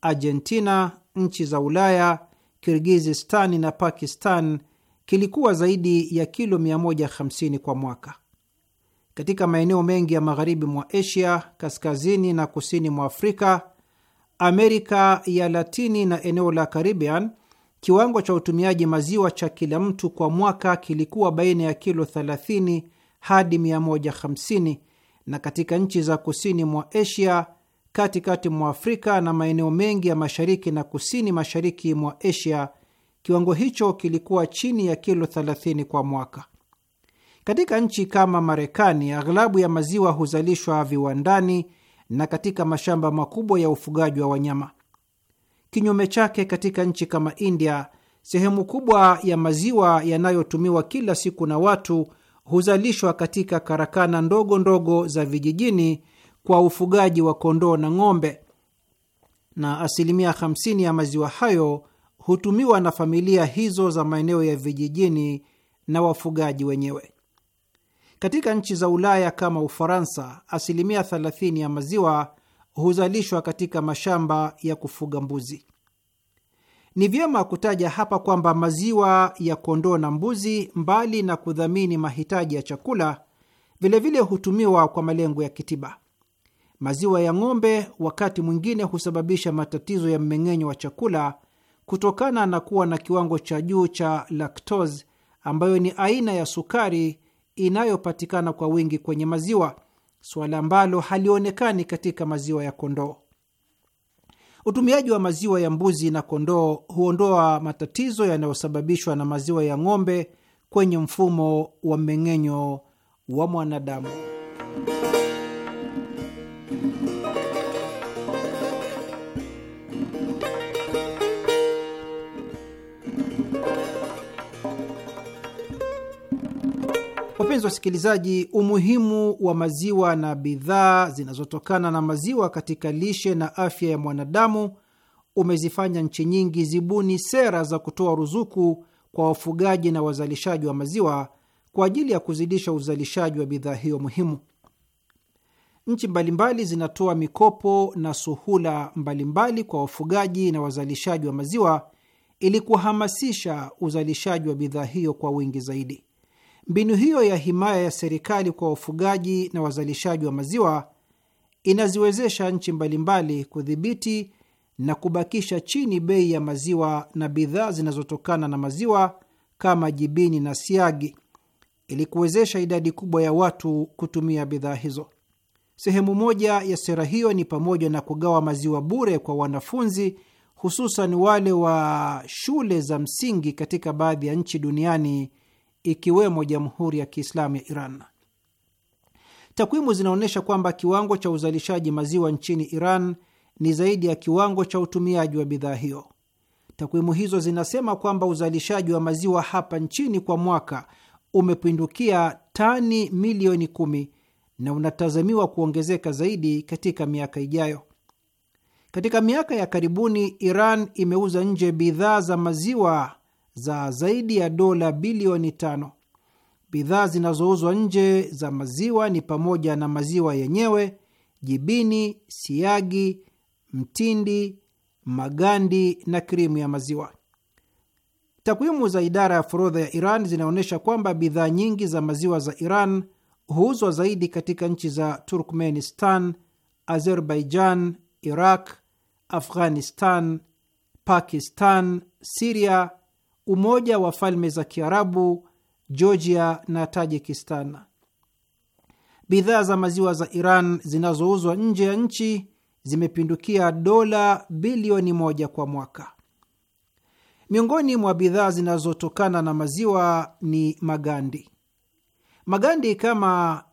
Argentina, nchi za Ulaya, Kirgizistan na Pakistan kilikuwa zaidi ya kilo 150 kwa mwaka. Katika maeneo mengi ya magharibi mwa Asia, kaskazini na kusini mwa Afrika, Amerika ya Latini na eneo la Caribbean, kiwango cha utumiaji maziwa cha kila mtu kwa mwaka kilikuwa baina ya kilo 30 hadi 150, na katika nchi za kusini mwa Asia, katikati mwa Afrika na maeneo mengi ya mashariki na kusini mashariki mwa Asia kiwango hicho kilikuwa chini ya kilo 30 kwa mwaka. Katika nchi kama Marekani, aghlabu ya maziwa huzalishwa viwandani na katika mashamba makubwa ya ufugaji wa wanyama. Kinyume chake, katika nchi kama India, sehemu kubwa ya maziwa yanayotumiwa kila siku na watu huzalishwa katika karakana ndogo ndogo za vijijini kwa ufugaji wa kondoo na ng'ombe, na asilimia 50 ya maziwa hayo hutumiwa na familia hizo za maeneo ya vijijini na wafugaji wenyewe. Katika nchi za Ulaya kama Ufaransa, asilimia 30 ya maziwa huzalishwa katika mashamba ya kufuga mbuzi. Ni vyema kutaja hapa kwamba maziwa ya kondoo na mbuzi, mbali na kudhamini mahitaji ya chakula, vilevile vile hutumiwa kwa malengo ya kitiba. Maziwa ya ng'ombe wakati mwingine husababisha matatizo ya mmeng'enyo wa chakula kutokana na kuwa na kiwango cha juu cha lactose ambayo ni aina ya sukari inayopatikana kwa wingi kwenye maziwa, suala ambalo halionekani katika maziwa ya kondoo. Utumiaji wa maziwa ya mbuzi na kondoo huondoa matatizo yanayosababishwa na maziwa ya ng'ombe kwenye mfumo wa mmeng'enyo wa mwanadamu. Wapenzi wasikilizaji, umuhimu wa maziwa na bidhaa zinazotokana na maziwa katika lishe na afya ya mwanadamu umezifanya nchi nyingi zibuni sera za kutoa ruzuku kwa wafugaji na wazalishaji wa maziwa kwa ajili ya kuzidisha uzalishaji wa bidhaa hiyo muhimu. Nchi mbalimbali zinatoa mikopo na suhula mbalimbali kwa wafugaji na wazalishaji wa maziwa ili kuhamasisha uzalishaji wa bidhaa hiyo kwa wingi zaidi. Mbinu hiyo ya himaya ya serikali kwa wafugaji na wazalishaji wa maziwa inaziwezesha nchi mbalimbali kudhibiti na kubakisha chini bei ya maziwa na bidhaa zinazotokana na maziwa kama jibini na siagi ili kuwezesha idadi kubwa ya watu kutumia bidhaa hizo. Sehemu moja ya sera hiyo ni pamoja na kugawa maziwa bure kwa wanafunzi, hususan wale wa shule za msingi katika baadhi ya nchi duniani ikiwemo Jamhuri ya Kiislamu ya Iran. Takwimu zinaonyesha kwamba kiwango cha uzalishaji maziwa nchini Iran ni zaidi ya kiwango cha utumiaji wa bidhaa hiyo. Takwimu hizo zinasema kwamba uzalishaji wa maziwa hapa nchini kwa mwaka umepindukia tani milioni kumi na unatazamiwa kuongezeka zaidi katika miaka ijayo. Katika miaka ya karibuni, Iran imeuza nje bidhaa za maziwa za zaidi ya dola bilioni tano. Bidhaa zinazouzwa nje za maziwa ni pamoja na maziwa yenyewe, jibini, siagi, mtindi, magandi na krimu ya maziwa. Takwimu za idara ya forodha ya Iran zinaonyesha kwamba bidhaa nyingi za maziwa za Iran huuzwa zaidi katika nchi za Turkmenistan, Azerbaijan, Iraq, Afghanistan, Pakistan, Siria, Umoja wa Falme za Kiarabu, Georgia na Tajikistan. Bidhaa za maziwa za Iran zinazouzwa nje ya nchi zimepindukia dola bilioni moja kwa mwaka. Miongoni mwa bidhaa zinazotokana na maziwa ni magandi. Magandi kama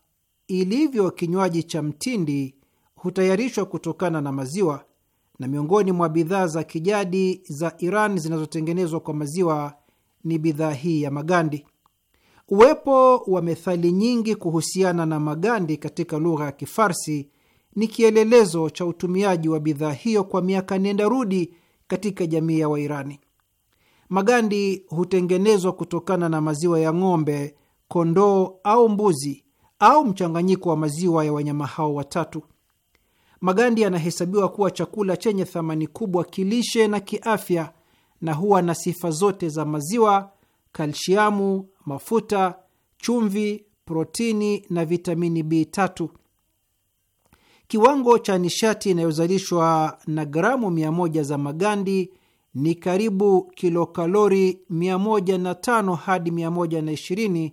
ilivyo kinywaji cha mtindi hutayarishwa kutokana na maziwa na miongoni mwa bidhaa za kijadi za Iran zinazotengenezwa kwa maziwa ni bidhaa hii ya magandi. Uwepo wa methali nyingi kuhusiana na magandi katika lugha ya Kifarsi ni kielelezo cha utumiaji wa bidhaa hiyo kwa miaka nenda rudi katika jamii ya Wairani. Magandi hutengenezwa kutokana na maziwa ya ng'ombe, kondoo au mbuzi au mchanganyiko wa maziwa ya wanyama hao watatu. Magandi yanahesabiwa kuwa chakula chenye thamani kubwa kilishe na kiafya, na huwa na sifa zote za maziwa, kalsiamu, mafuta, chumvi, protini na vitamini B3. Kiwango cha nishati inayozalishwa na gramu 100 za magandi ni karibu kilokalori 105 hadi 120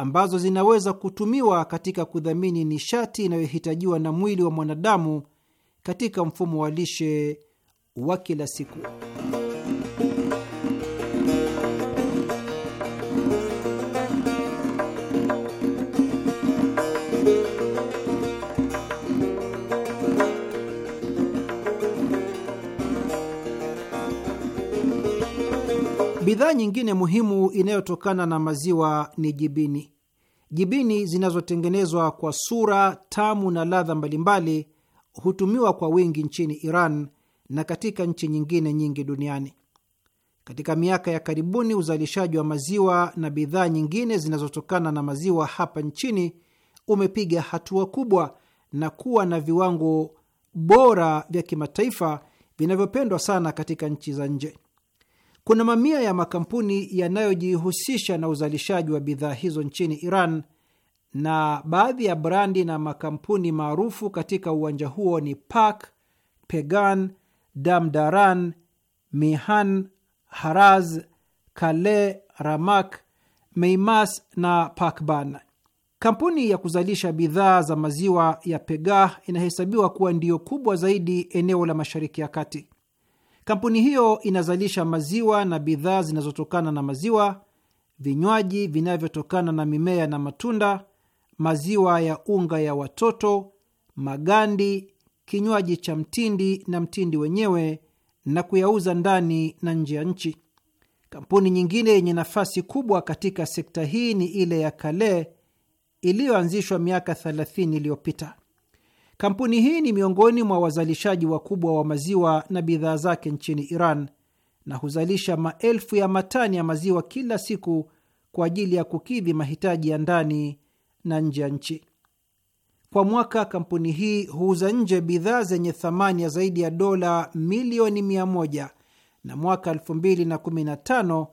ambazo zinaweza kutumiwa katika kudhamini nishati inayohitajiwa na mwili wa mwanadamu katika mfumo wa lishe wa kila siku. Bidhaa nyingine muhimu inayotokana na maziwa ni jibini. Jibini zinazotengenezwa kwa sura tamu na ladha mbalimbali hutumiwa kwa wingi nchini Iran na katika nchi nyingine nyingi duniani. Katika miaka ya karibuni, uzalishaji wa maziwa na bidhaa nyingine zinazotokana na maziwa hapa nchini umepiga hatua kubwa na kuwa na viwango bora vya kimataifa vinavyopendwa sana katika nchi za nje. Kuna mamia ya makampuni yanayojihusisha na uzalishaji wa bidhaa hizo nchini Iran, na baadhi ya brandi na makampuni maarufu katika uwanja huo ni Pak, Pegan, Damdaran, Mihan, Haraz, Kale, Ramak, Meimas na Pakban. Kampuni ya kuzalisha bidhaa za maziwa ya Pegah inahesabiwa kuwa ndiyo kubwa zaidi eneo la Mashariki ya Kati. Kampuni hiyo inazalisha maziwa na bidhaa zinazotokana na maziwa, vinywaji vinavyotokana na mimea na matunda, maziwa ya unga ya watoto, magandi, kinywaji cha mtindi na mtindi wenyewe, na kuyauza ndani na nje ya nchi. Kampuni nyingine yenye nafasi kubwa katika sekta hii ni ile ya Kale iliyoanzishwa miaka 30 iliyopita. Kampuni hii ni miongoni mwa wazalishaji wakubwa wa maziwa na bidhaa zake nchini Iran na huzalisha maelfu ya matani ya maziwa kila siku kwa ajili ya kukidhi mahitaji ya ndani na nje ya nchi. Kwa mwaka kampuni hii huuza nje bidhaa zenye thamani ya zaidi ya dola milioni mia moja na mwaka 2015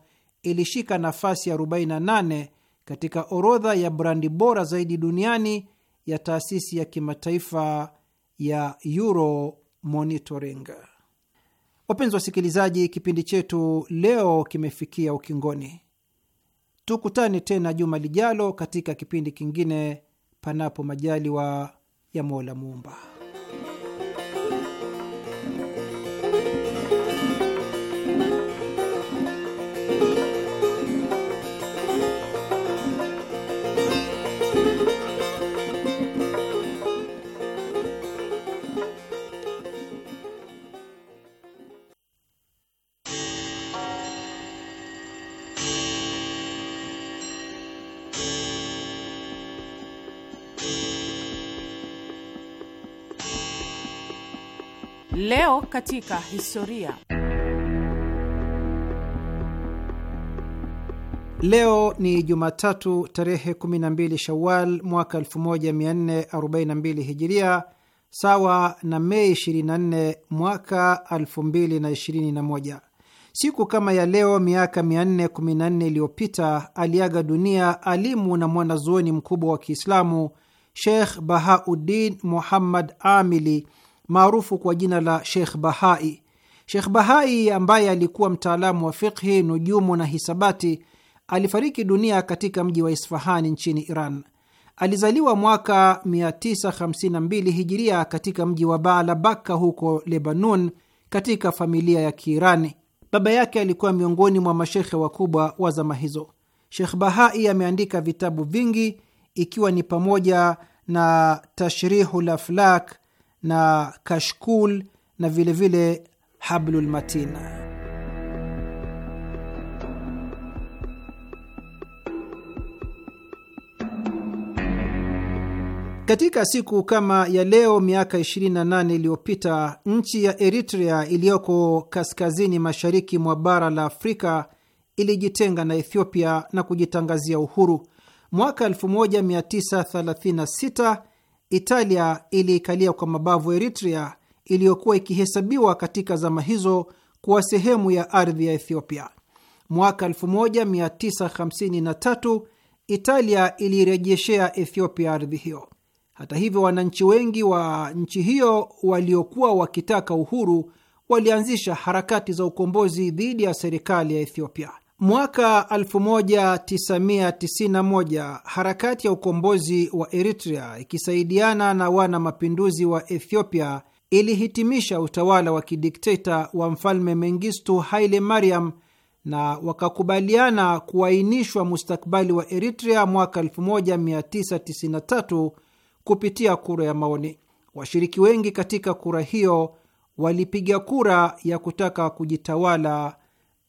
ilishika nafasi ya 48 katika orodha ya brandi bora zaidi duniani ya taasisi ya kimataifa ya Euro Monitoring. Wapenzi wasikilizaji, kipindi chetu leo kimefikia ukingoni. Tukutane tena juma lijalo katika kipindi kingine, panapo majaliwa ya Mola Muumba. Leo katika historia. Leo ni Jumatatu tarehe 12 Shawal mwaka 1442 Hijiria, sawa na Mei 24 mwaka 2021. Siku kama ya leo miaka 414 iliyopita aliaga dunia alimu na mwanazuoni mkubwa wa Kiislamu Sheikh Bahauddin Muhammad Amili maarufu kwa jina la Sheikh Bahai. Sheikh Bahai ambaye alikuwa mtaalamu wa fikhi, nujumu na hisabati alifariki dunia katika mji wa Isfahani nchini Iran. Alizaliwa mwaka 952 hijiria katika mji wa Baalabaka huko Lebanon, katika familia ya Kiirani. Baba yake alikuwa miongoni mwa mashekhe wakubwa wa zama hizo. Shekh Bahai ameandika vitabu vingi ikiwa ni pamoja na Tashrihul Aflak na kashkul na vilevile vile hablulmatina. Katika siku kama ya leo miaka 28 iliyopita nchi ya Eritrea iliyoko kaskazini mashariki mwa bara la Afrika ilijitenga na Ethiopia na kujitangazia uhuru. Mwaka 1936 Italia iliikalia kwa mabavu Eritrea iliyokuwa ikihesabiwa katika zama hizo kuwa sehemu ya ardhi ya Ethiopia. Mwaka 1953 Italia iliirejeshea Ethiopia ardhi hiyo. Hata hivyo, wananchi wengi wa nchi hiyo waliokuwa wakitaka uhuru walianzisha harakati za ukombozi dhidi ya serikali ya Ethiopia. Mwaka 1991 harakati ya ukombozi wa Eritrea ikisaidiana na wana mapinduzi wa Ethiopia ilihitimisha utawala wa kidikteta wa mfalme Mengistu Haile Mariam na wakakubaliana kuainishwa mustakbali wa Eritrea mwaka 1993 kupitia kura ya maoni. Washiriki wengi katika kura hiyo walipiga kura ya kutaka kujitawala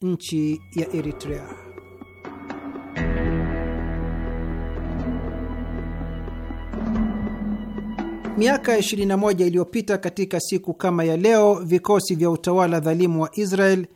nchi ya Eritrea. Miaka 21 iliyopita katika siku kama ya leo, vikosi vya utawala dhalimu wa Israel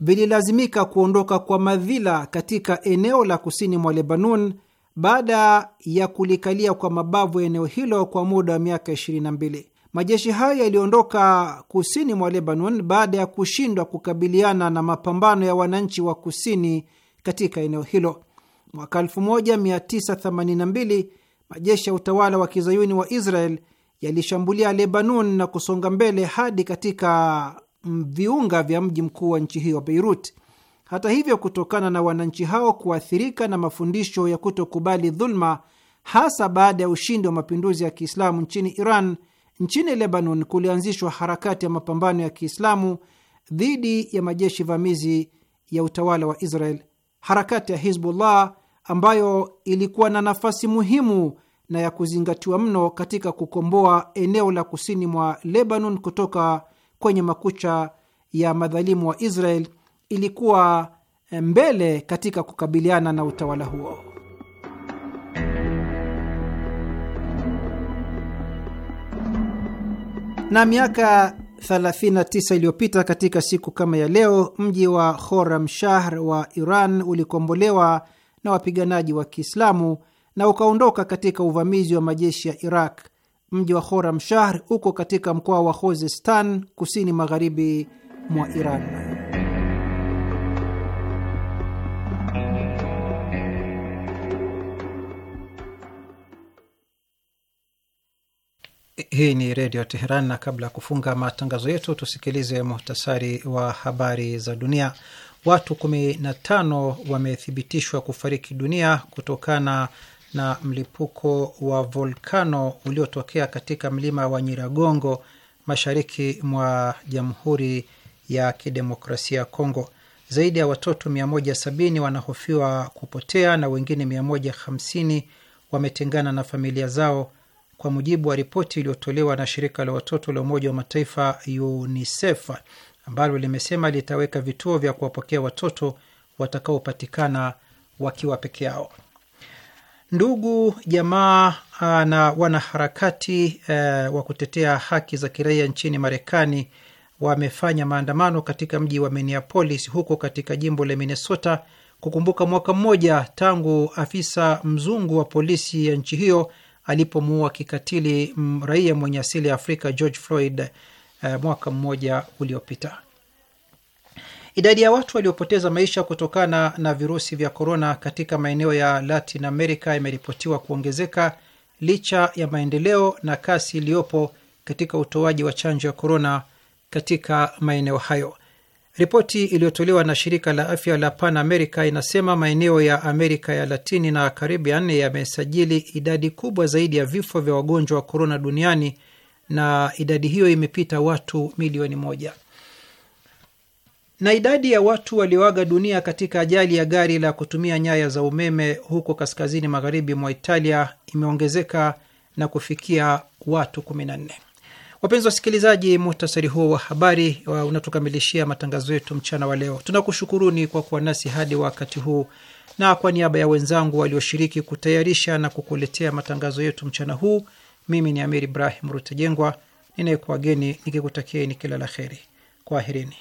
vililazimika kuondoka kwa madhila katika eneo la kusini mwa Lebanon baada ya kulikalia kwa mabavu eneo hilo kwa muda wa miaka 22. Majeshi hayo yaliondoka kusini mwa Lebanon baada ya kushindwa kukabiliana na mapambano ya wananchi wa kusini katika eneo hilo. Mwaka 1982 majeshi ya utawala wa kizayuni wa Israel yalishambulia Lebanon na kusonga mbele hadi katika viunga vya mji mkuu wa nchi hiyo Beirut. Hata hivyo, kutokana na wananchi hao kuathirika na mafundisho ya kutokubali dhuluma, hasa baada ya ushindi wa mapinduzi ya Kiislamu nchini Iran, Nchini Lebanon kulianzishwa harakati ya mapambano ya Kiislamu dhidi ya majeshi vamizi ya utawala wa Israel. Harakati ya Hizbullah ambayo ilikuwa na nafasi muhimu na ya kuzingatiwa mno katika kukomboa eneo la kusini mwa Lebanon kutoka kwenye makucha ya madhalimu wa Israel ilikuwa mbele katika kukabiliana na utawala huo. Na miaka 39 iliyopita katika siku kama ya leo, mji wa Khorramshahr wa Iran ulikombolewa na wapiganaji wa Kiislamu na ukaondoka katika uvamizi wa majeshi ya Iraq. Mji wa Khorramshahr uko katika mkoa wa Khuzestan kusini magharibi mwa Iran. Hii ni Redio Teheran, na kabla ya kufunga matangazo yetu tusikilize muhtasari wa habari za dunia. Watu 15 wamethibitishwa kufariki dunia kutokana na mlipuko wa volkano uliotokea katika mlima wa Nyiragongo mashariki mwa Jamhuri ya Kidemokrasia ya Kongo. Zaidi ya watoto 170 wanahofiwa kupotea na wengine 150 wametengana na familia zao kwa mujibu wa ripoti iliyotolewa na shirika la watoto la Umoja wa Mataifa UNICEF ambalo limesema litaweka vituo vya kuwapokea watoto watakaopatikana wakiwa peke yao. Ndugu jamaa ah, na wanaharakati eh, wa kutetea haki za kiraia nchini Marekani wamefanya maandamano katika mji wa Minneapolis huko katika jimbo la Minnesota kukumbuka mwaka mmoja tangu afisa mzungu wa polisi ya nchi hiyo alipomuua kikatili mm, raia mwenye asili ya Afrika George Floyd uh, mwaka mmoja uliopita. Idadi ya watu waliopoteza maisha kutokana na virusi vya korona katika maeneo ya Latin America imeripotiwa kuongezeka licha ya maendeleo na kasi iliyopo katika utoaji wa chanjo ya korona katika maeneo hayo. Ripoti iliyotolewa na shirika la afya la Pan America inasema maeneo ya Amerika ya Latini na Caribbean yamesajili idadi kubwa zaidi ya vifo vya wagonjwa wa korona duniani na idadi hiyo imepita watu milioni moja. Na idadi ya watu walioaga dunia katika ajali ya gari la kutumia nyaya za umeme huko kaskazini magharibi mwa Italia imeongezeka na kufikia watu nne. Wapenzi wasikilizaji, muhtasari huo wa habari unatukamilishia matangazo yetu mchana wa leo. Tunakushukuruni kwa kuwa nasi hadi wakati huu, na kwa niaba ya wenzangu walioshiriki kutayarisha na kukuletea matangazo yetu mchana huu, mimi ni Amir Ibrahim Rutejengwa ninayekuwageni nikikutakieni kila la heri. Kwaherini.